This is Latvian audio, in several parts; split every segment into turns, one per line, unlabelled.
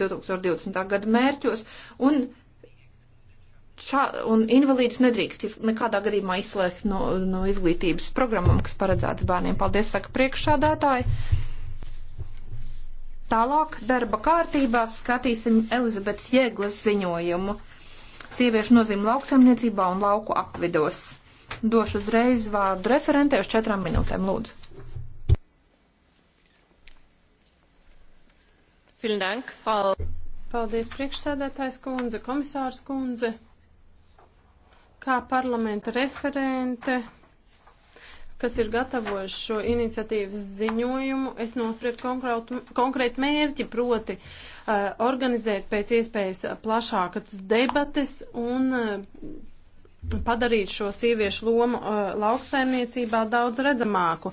2020. gada mērķos, un, šā, un invalīdus nedrīkst nekādā gadījumā izslēgt no, no izglītības programmām, kas paredzētas bērniem. Paldies, saka priekšsādātāji. Tālāk darba kārtībā skatīsim Elizabetes Jēglas ziņojumu. Sieviešu nozīme lauksaimniecībā un lauku apvidos. Došu uzreiz vārdu referentē uz četrām minūtēm, lūdzu. Dank, Frau...
Paldies, priekšsēdētājs kundze, komisārs kundze. Kā parlamenta referente, kas ir gatavojuši šo iniciatīvas ziņojumu, es nospriedu konkrētu, konkrētu mērķi, proti uh, organizēt pēc iespējas plašākas debates un uh, padarīt šo sieviešu lomu uh, lauksaimniecībā daudz redzamāku.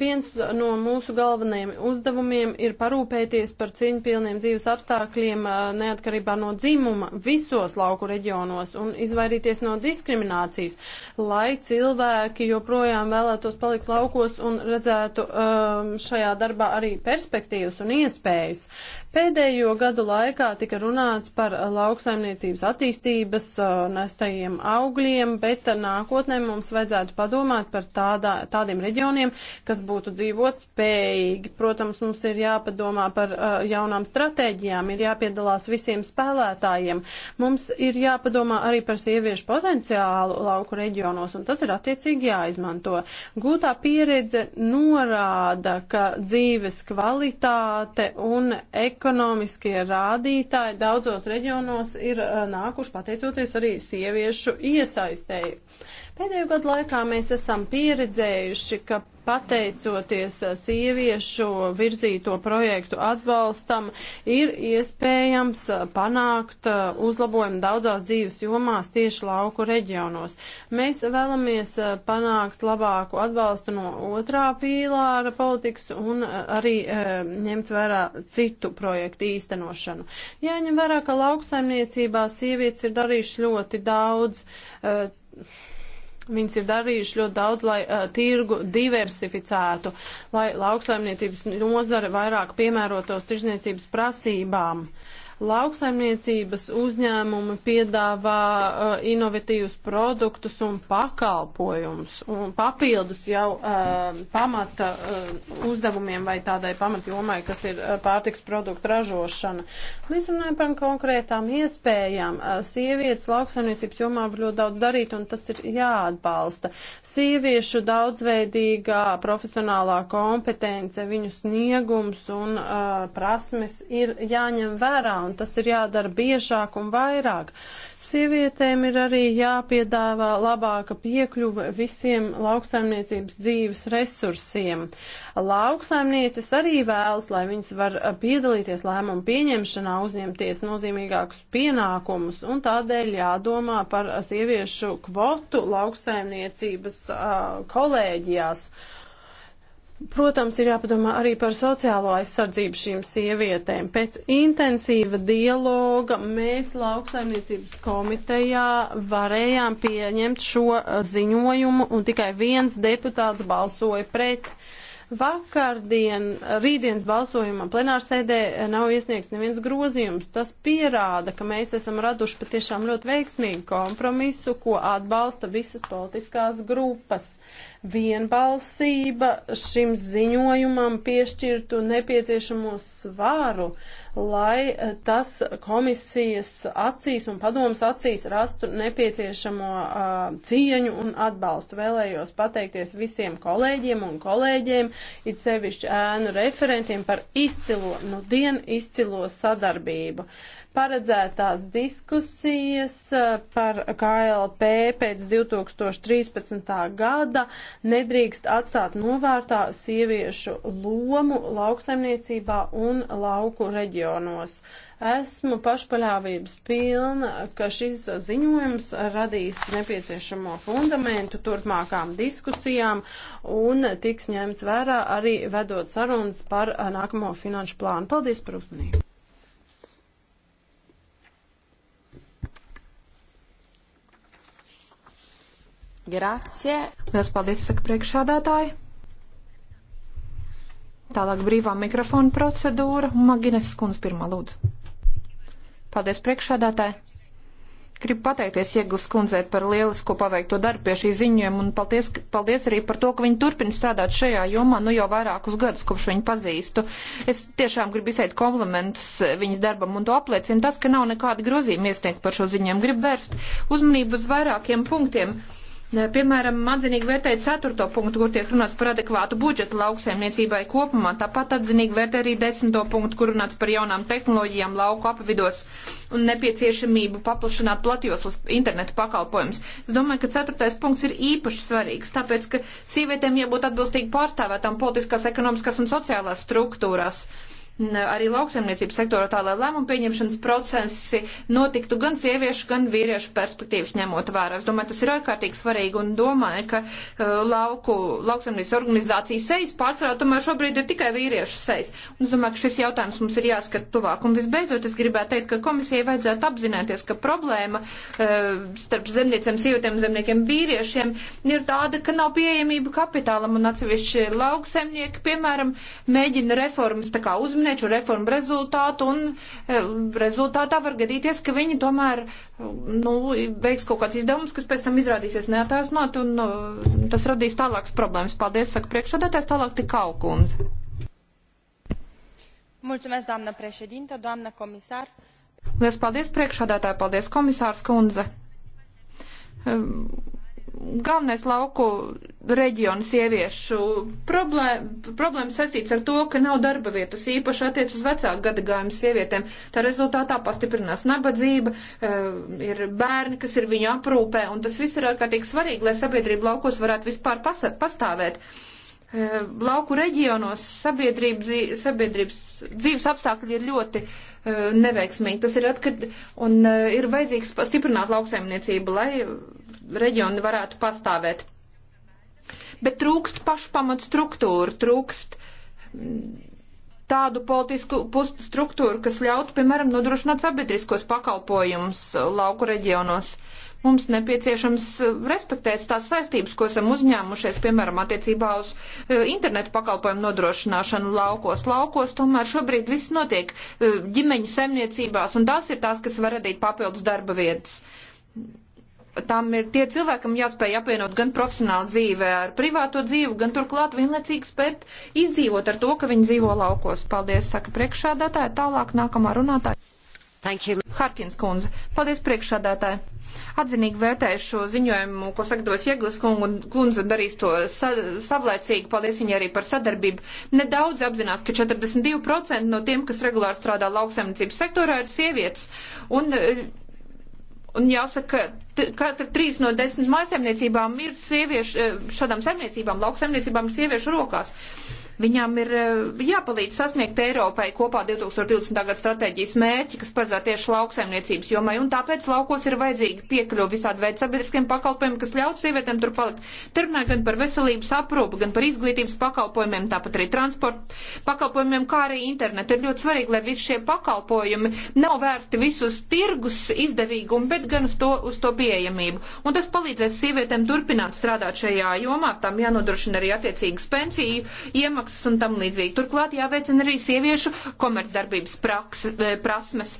Viens no mūsu galvenajiem uzdevumiem ir parūpēties par cieņpilniem dzīves apstākļiem uh, neatkarībā no dzimuma visos lauku reģionos un izvairīties no diskriminācijas, lai cilvēki joprojām vēlētos palikt laukos un redzētu um, šajā darbā arī perspektīvas un iespējas. Pēdējo gadu laikā tika runāts par lauksaimniecības attīstības uh, nestajiem augļiem augļiem, bet nākotnē mums vajadzētu padomāt par tādā, tādiem reģioniem, kas būtu dzīvot spējīgi. Protams, mums ir jāpadomā par uh, jaunām stratēģijām, ir jāpiedalās visiem spēlētājiem. Mums ir jāpadomā arī par sieviešu potenciālu lauku reģionos, un tas ir attiecīgi jāizmanto. Gūtā pieredze norāda, ka dzīves kvalitāte un ekonomiskie rādītāji daudzos reģionos ir uh, nākuši pateicoties arī sieviešu iesaistību iesaistēji. Pēdējo gadu laikā mēs esam pieredzējuši, ka pateicoties eh, sieviešu virzīto projektu atbalstam, ir iespējams eh, panākt eh, uzlabojumu daudzās dzīves jomās tieši lauku reģionos. Mēs vēlamies panākt labāku atbalstu no otrā pīlāra politikas un arī ņemt vērā citu projektu īstenošanu. Jāņem vērā, ka lauksaimniecībā sievietes ir darījušas ļoti daudz. Uh, Viņas ir darījuši ļoti daudz, lai uh, tirgu diversificētu, lai lauksaimniecības nozare vairāk piemērotos tirzniecības prasībām. Uh, Lauksaimniecības uzņēmumi piedāvā uh, inovatīvus produktus un pakalpojumus un papildus jau uh, pamata uh, uzdevumiem vai tādai pamatjomai, kas ir uh, pārtiks produktu ražošana. Mēs runājam par konkrētām iespējām. Uh, sievietes lauksaimniecības jomā var ļoti daudz darīt un tas ir jāatbalsta. Sieviešu daudzveidīgā profesionālā kompetence, viņu sniegums un uh, prasmes ir jāņem vērā un tas ir jādara biežāk un vairāk. Sievietēm ir arī jāpiedāvā labāka piekļuva visiem lauksaimniecības dzīves resursiem. Lauksaimnieces arī vēlas, lai viņas var uh, piedalīties lēmumu pieņemšanā, uzņemties nozīmīgākus pienākumus, un tādēļ jādomā par uh, sieviešu kvotu lauksaimniecības uh, kolēģijās. Uh, Protams, ir jāpadomā arī par sociālo aizsardzību šīm sievietēm. Pēc intensīva dialoga mēs lauksaimniecības komitejā varējām pieņemt šo uh, ziņojumu un tikai viens deputāts balsoja pret. Uh, Vakardien, rītdienas balsojumā plenārsēdē eh, nav iesniegts neviens grozījums. Tas pierāda, ka mēs esam raduši patiešām ļoti veiksmīgu kompromisu, ko atbalsta visas politiskās grupas. Vienbalsība šim ziņojumam piešķirtu nepieciešamo svaru. Uh, lai eh, tas komisijas acīs un padomas acīs rastu nepieciešamo uh, cieņu un atbalstu. Vēlējos pateikties visiem kolēģiem un kolēģiem, it sevišķi ēnu referentiem par izcilo, nu dienu izcilo sadarbību. Uh, paredzētās diskusijas eh, par KLP pēc 2013. gada nedrīkst atstāt novērtā sieviešu lomu lauksaimniecībā un lauku reģionos. Esmu pašpaļāvības pilna, ka šis ziņojums radīs nepieciešamo fundamentu turpmākām diskusijām un tiks ņemts vērā arī vedot sarunas par eh, nākamo finanšu plānu. Paldies par uzmanību!
Grazie. Lielas paldies, saka priekšādātāji. Tālāk brīvā mikrofona procedūra. Magines skundz pirmā lūdzu. Paldies priekšādātāji. Gribu pateikties Ieglas kundzei par lielisko paveikto darbu pie šī ziņojuma un paldies, paldies arī par to, ka viņi turpina strādāt šajā jomā nu jau vairākus gadus, kopš viņu pazīstu. Es tiešām gribu izteikt komplimentus viņas darbam un to apliecina tas, ka nav nekāda grozījuma iesniegt par šo ziņojumu. Gribu vērst uzmanību uz vairākiem punktiem Piemēram, atzinīgi vērtēja ceturto punktu, kur tiek runāts par adekvātu budžetu lauksaimniecībai kopumā. Tāpat atzinīgi vērtē arī desmito punktu, kur runāts par jaunām tehnoloģijām lauku apvidos un nepieciešamību paplašināt platjoslas internetu pakalpojumus. Es domāju, ka ceturtais punkts ir īpaši svarīgs, tāpēc, ka sievietēm jābūt atbilstīgi pārstāvētām politiskās, ekonomiskās un sociālās struktūrās. Uh, arī lauksaimniecības sektorā tā, lai lēmumu pieņemšanas procesi notiktu gan sieviešu, gan vīriešu perspektīvas ņemot vērā. Es domāju, tas ir ārkārtīgi svarīgi un domāju, ka uh, lauku, lauksaimniecības organizācijas sejas pārsvarā tomēr šobrīd ir tikai vīriešu sejas. Un es domāju, ka šis jautājums mums ir jāskat tuvāk. Un visbeidzot, es gribētu teikt, ka komisijai vajadzētu apzināties, ka problēma uh, starp zemniecēm, sievietēm, zemniekiem, vīriešiem ir tāda, ka nav pieejamība kapitālam un atsevišķi lauksaimnieki, piemēram, mēģina reformas tā kā uzmanības zīmnieču reformu rezultātu, un e, rezultātā var gadīties, ka viņi tomēr nu, veiks kaut kāds izdevums, kas pēc tam izrādīsies neataisnot, un nu, tas radīs tālākas problēmas. Paldies, saka priekšsādātājs, tālāk tik Kaukundze.
Mulțumesc, doamnă președintă, doamnă comisar.
Liels paldies priekšādātāji, paldies komisārs Kundze. Um, galvenais lauku reģionu sieviešu problēma, problēma saistīts ar to, ka nav darba vietas, īpaši attiec uz vecāku gadagājumu sievietēm. Tā rezultātā pastiprinās nabadzība, eh, ir bērni, kas ir viņu aprūpē, un tas viss ir ārkārtīgi svarīgi, lai sabiedrība laukos varētu vispār pastāvēt eh, lauku reģionos sabiedrības, sabiedrības dzīves apstākļi ir ļoti uh, neveiksmīgi. Tas ir atkarīgs un uh, ir vajadzīgs pastiprināt lauksaimniecību, lai reģioni varētu pastāvēt. Bet trūkst pašpamat struktūru, trūkst mm, tādu politisku struktūru, kas ļautu, piemēram, nodrošināt sabiedriskos pakalpojumus lauku reģionos. Mums nepieciešams eh, respektēt tās saistības, ko esam uzņēmušies, piemēram, attiecībā uz eh, internetu pakalpojumu nodrošināšanu laukos. Laukos tomēr šobrīd viss notiek eh, ģimeņu saimniecībās, un tās ir tās, kas var radīt papildus darba vietas tam ir tie cilvēkam jāspēj apvienot gan profesionālu dzīvē ar privāto dzīvi, gan turklāt vienlaicīgi spēt izdzīvot ar to, ka viņi dzīvo laukos. Paldies, saka priekšādātāja. Tālāk nākamā runātāja. Harkins kundze. Paldies priekšādātāji. Atzinīgi vērtēju šo ziņojumu, ko sagatavos Jeglas kundze un darīs to sa savlaicīgi. Paldies viņai arī par sadarbību. Nedaudz apzinās, ka 42% no tiem, kas regulāri strādā lauksaimniecības sektorā, ir sievietes. Un, eh, un jāsaka, katra trīs no desmit mājasemniecībām ir sieviešu, eh, šādām semniecībām, lauksemniecībām ir sieviešu rokās. Uh, Viņām ir eh, jāpalīdz sasniegt Eiropai kopā 2020. gada stratēģijas mērķi, kas paredzēta tieši lauksaimniecības jomai, un tāpēc laukos ir vajadzīga piekļuva visādi veidi sabiedriskiem pakalpojumiem, kas ļauj sievietēm tur palikt. Te runāja gan par veselības aprūpu, gan par izglītības pakalpojumiem, tāpat arī transporta pakalpojumiem, kā arī internetu. Ir ļoti svarīgi, lai visi šie pakalpojumi nav vērsti visus tirgus izdevīgumu, bet gan uz to, uz to pieejamību. Un tas palīdzēs sievietēm turpināt strādāt šajā jomā, tam jānodrošina arī attiecīgas pensiju iemaksas izmaksas un tam līdzīgi. Turklāt jāveicina arī sieviešu komercdarbības praks, e, prasmes.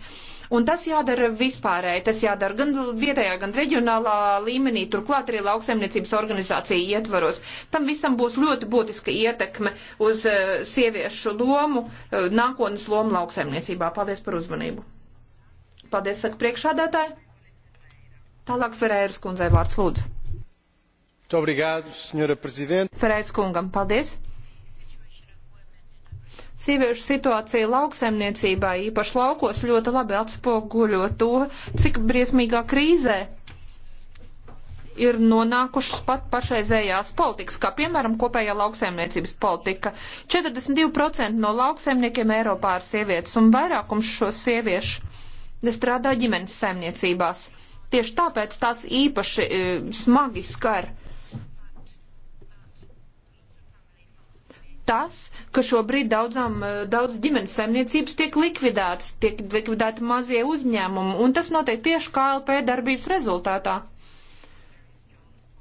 Un tas jādara vispārēji, tas jādara gan vietējā, gan reģionālā līmenī, turklāt arī lauksaimniecības organizācija ietvaros. Tam visam būs ļoti būtiska ietekme uz e, sieviešu lomu, e, nākotnes lomu lauksaimniecībā. Paldies par uzmanību. Paldies, saka priekšādātāji. Tālāk Ferēras kundzei vārds lūdzu. Obrigado, senhora Presidente. Ferēras kungam, paldies. Sieviešu situācija lauksaimniecībā, īpaši laukos, ļoti labi atspoguļo to, cik briesmīgā krīzē ir nonākušas pat pašreizējās politikas, kā piemēram kopējā lauksaimniecības politika. 42% no lauksaimniekiem Eiropā ir sievietes, un vairākums šo sieviešu strādā ģimenes saimniecībās. Tieši tāpēc tās īpaši e, smagi skar. tas, ka šobrīd daudzām, eh, daudz ģimenes saimniecības tiek likvidētas, tiek likvidēti mazie uzņēmumi, un tas notiek tieši KLP darbības rezultātā.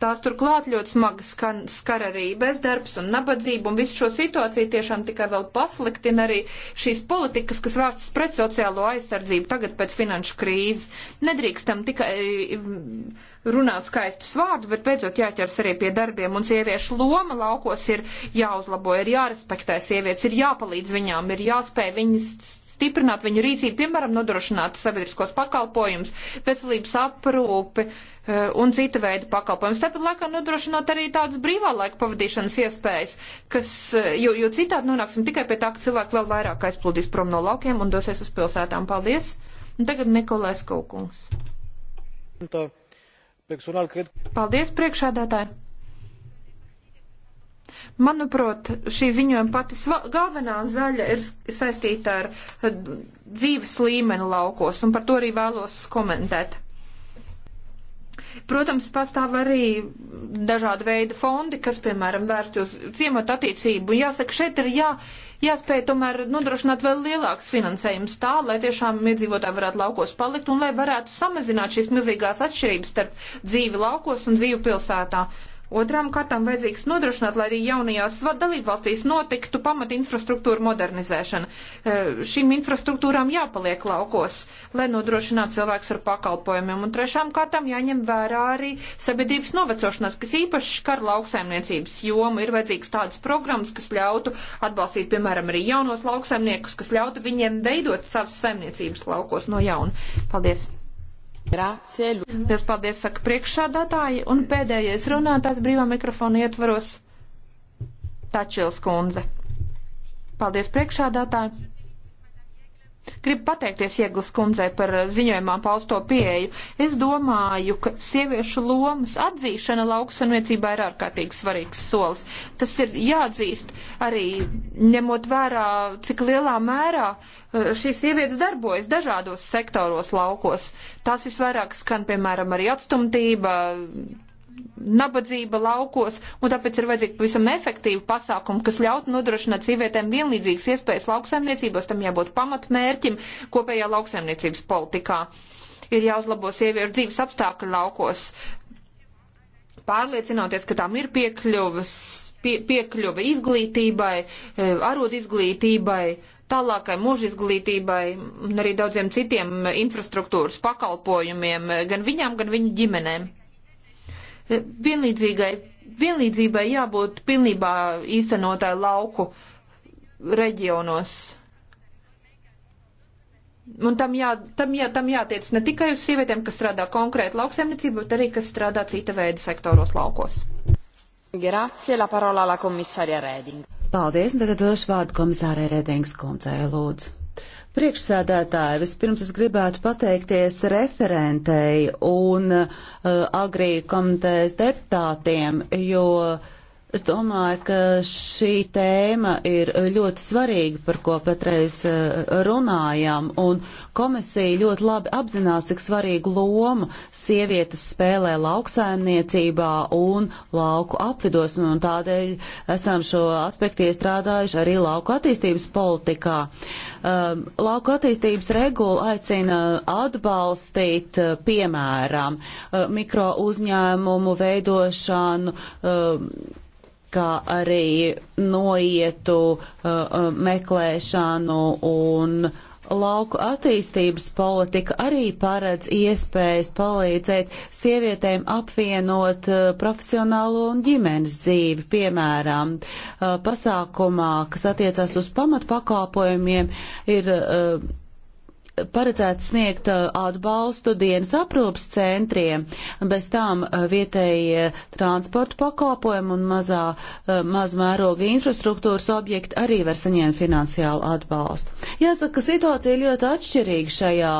Tās turklāt ļoti smagi skan, skar arī bezdarbs un nabadzību, un visu šo situāciju tiešām tikai vēl pasliktina arī šīs politikas, kas vērstas pret sociālo aizsardzību tagad pēc finanšu krīzes. Nedrīkstam tikai mm, runāt skaistus vārdus, bet beidzot jāķers arī pie darbiem, un sieviešu loma laukos ir jāuzlabo, ir jārespektē sievietes, ir jāpalīdz viņām, ir jāspēj viņas stiprināt viņu rīcību, piemēram, nodrošināt sabiedriskos pakalpojumus, veselības aprūpi. Uh, Eh, un cita veida pakalpojumus. Tāpat laikā nodrošinot arī tādas brīvā laika pavadīšanas iespējas, kas, eh, jo, jo citādi nonāksim tikai pie tā, ka cilvēki vēl vairāk aizplūdīs prom no laukiem un dosies uz pilsētām. Paldies! Un tagad Nikolais Kaukungs. Paldies, priekšādātāji! Manuprāt, šī ziņojuma pati galvenā zaļa ir saistīta ar eh, dzīves līmeni laukos, un par to arī vēlos komentēt. Protams, pastāv arī dažādi veidi fondi, kas, piemēram, vērsti uz ciematu attīstību. Jāsaka, šeit ir jā, jāspēj tomēr nodrošināt vēl lielāks finansējums tā, lai tiešām iedzīvotāji varētu laukos palikt un lai varētu samazināt šīs milzīgās atšķirības starp dzīvi laukos un dzīvi pilsētā. Uh, Otrām kārtām vajadzīgs nodrošināt, lai arī jaunajās dalībvalstīs notiktu pamat infrastruktūra modernizēšana. Eh, šīm infrastruktūrām jāpaliek laukos, lai nodrošinātu cilvēks ar pakalpojumiem. Un trešām kārtām jāņem vērā arī sabiedrības novecošanās, kas īpaši skar lauksaimniecības jomu. Ir vajadzīgs tādas programmas, kas ļautu atbalstīt, piemēram, arī jaunos lauksaimniekus, kas ļautu viņiem veidot savas saimniecības laukos no jauna. Paldies! Paldies, paldies, saka priekšsādātāji, un pēdējais runātājs brīvā mikrofona ietvaros Tačils kundze. Paldies, priekšsādātāji! Gribu pateikties Ieglas kundzei par ziņojumā pausto pieeju. Es domāju, ka sieviešu lomas atzīšana lauksanniecībā ir ārkārtīgi svarīgs solis. Tas ir jāatzīst arī ņemot vērā, cik lielā mērā uh, šīs sievietes darbojas dažādos sektoros laukos. Tās visvairāk skan, piemēram, arī atstumtība, nabadzība laukos, un tāpēc ir vajadzīgi pavisam efektīvi pasākumi, kas ļautu nodrošināt sievietēm vienlīdzīgas iespējas lauksaimniecībos, tam jābūt pamatmērķim kopējā lauksaimniecības politikā. Ir jāuzlabo sieviešu dzīves apstākļi laukos, pārliecinoties, ka tām ir piekļuvas, pie, piekļuva izglītībai, eh, arod izglītībai, tālākai mūža izglītībai un arī daudziem citiem eh, infrastruktūras pakalpojumiem eh, gan viņām, gan viņu ģimenēm vienlīdzīgai, vienlīdzībai jābūt pilnībā īstenotai lauku reģionos. Un tam, jā, tam, jā, tam jātiec ne tikai uz sievietēm, kas strādā konkrēti lauksaimniecību, bet arī, kas strādā cita veida sektoros laukos. Grazie, la parola la komisārija Rēdinga.
Paldies, un tagad došu vārdu komisārai Rēdings kundzei, lūdzu. Priekšsēdētāji, vispirms es gribētu pateikties referentei un uh, agrī komitejas deputātiem, jo uh, Es domāju, ka šī tēma ir ļoti svarīga, par ko patreiz eh, runājam, un komisija ļoti labi apzinās, cik svarīgu lomu sievietes spēlē lauksaimniecībā un lauku apvidos, un tādēļ esam šo aspektu iestrādājuši arī lauku attīstības politikā. Um, lauku attīstības regula aicina atbalstīt, eh, piemēram, eh, mikro uzņēmumu veidošanu, um, kā arī noietu uh, uh, meklēšanu un lauku attīstības politika arī paredz iespējas palīdzēt sievietēm apvienot uh, profesionālo un ģimenes dzīvi. Piemēram, uh, pasākumā, kas attiecas uz pamatpakalpojumiem, ir uh, paredzēts sniegt uh, atbalstu dienas aprūpas centriem, bez tām uh, vietējie transporta pakalpojumi un mazā, uh, mazmēroga infrastruktūras objekti arī var saņemt finansiālu atbalstu. Jāsaka, ka situācija ļoti atšķirīga šajā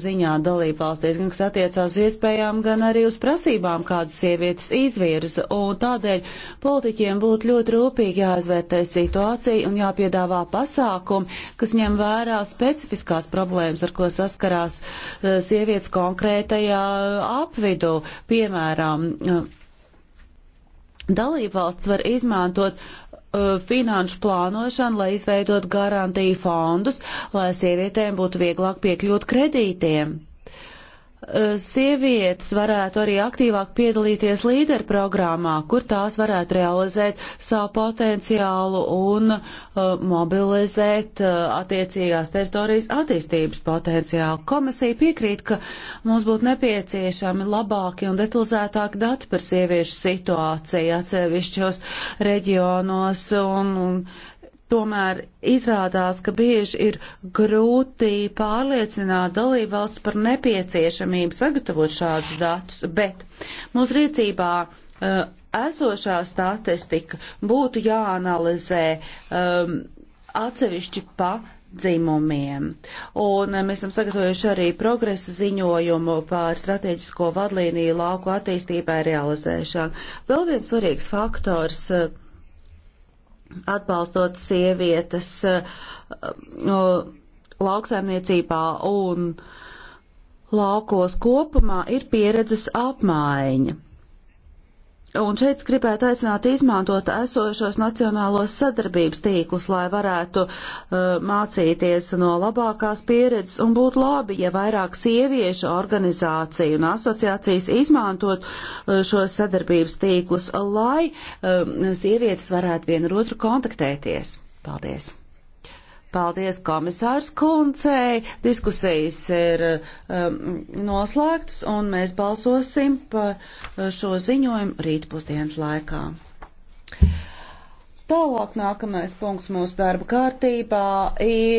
ziņā dalībvalstīs, gan kas attiecās uz iespējām, gan arī uz prasībām, kādas sievietes izvirza, un tādēļ politiķiem būtu ļoti rūpīgi jāizvērtē situācija un jāpiedāvā pasākumi, kas ņem vērā specifiskās problēmas problēmas, ar ko saskarās eh, sievietes konkrētajā eh, apvidū. Piemēram, eh, dalībvalsts var izmantot finanšu plānošanu, lai izveidot garantiju fondus, lai sievietēm būtu vieglāk piekļūt kredītiem. Eh, sievietes varētu arī aktīvāk piedalīties līderu programmā, kur tās varētu realizēt savu potenciālu un uh, mobilizēt uh, attiecīgās teritorijas attīstības potenciālu. Komisija piekrīt, ka mums būtu nepieciešami labāki un detalizētāki dati par sieviešu situāciju atsevišķos reģionos un, un Tomēr izrādās, ka bieži ir grūti pārliecināt dalībvalsts par nepieciešamību sagatavot šādus datus, bet mūsu rīcībā uh, esošā statistika būtu jāanalizē um, atsevišķi pa dzimumiem. Un eh, mēs esam sagatavojuši arī progresa ziņojumu par strateģisko vadlīniju lauku attīstībai realizēšanu. Vēl viens svarīgs faktors uh, atbalstot sievietes uh, uh, lauksaimniecībā un laukos kopumā ir pieredzes apmaiņa. Un šeit gribētu aicināt izmantot esošos nacionālos sadarbības tīklus, lai varētu uh, mācīties no labākās pieredzes un būtu labi, ja vairāk sieviešu organizāciju un asociācijas izmantot uh, šos sadarbības tīklus, lai uh, sievietes varētu viena ar otru kontaktēties. Paldies! Paldies komisārs Kuncei. Diskusijas ir um, noslēgtas un mēs balsosim par uh, šo ziņojumu rīt pusdienas laikā. Tālāk nākamais punkts mūsu darba kārtībā ir.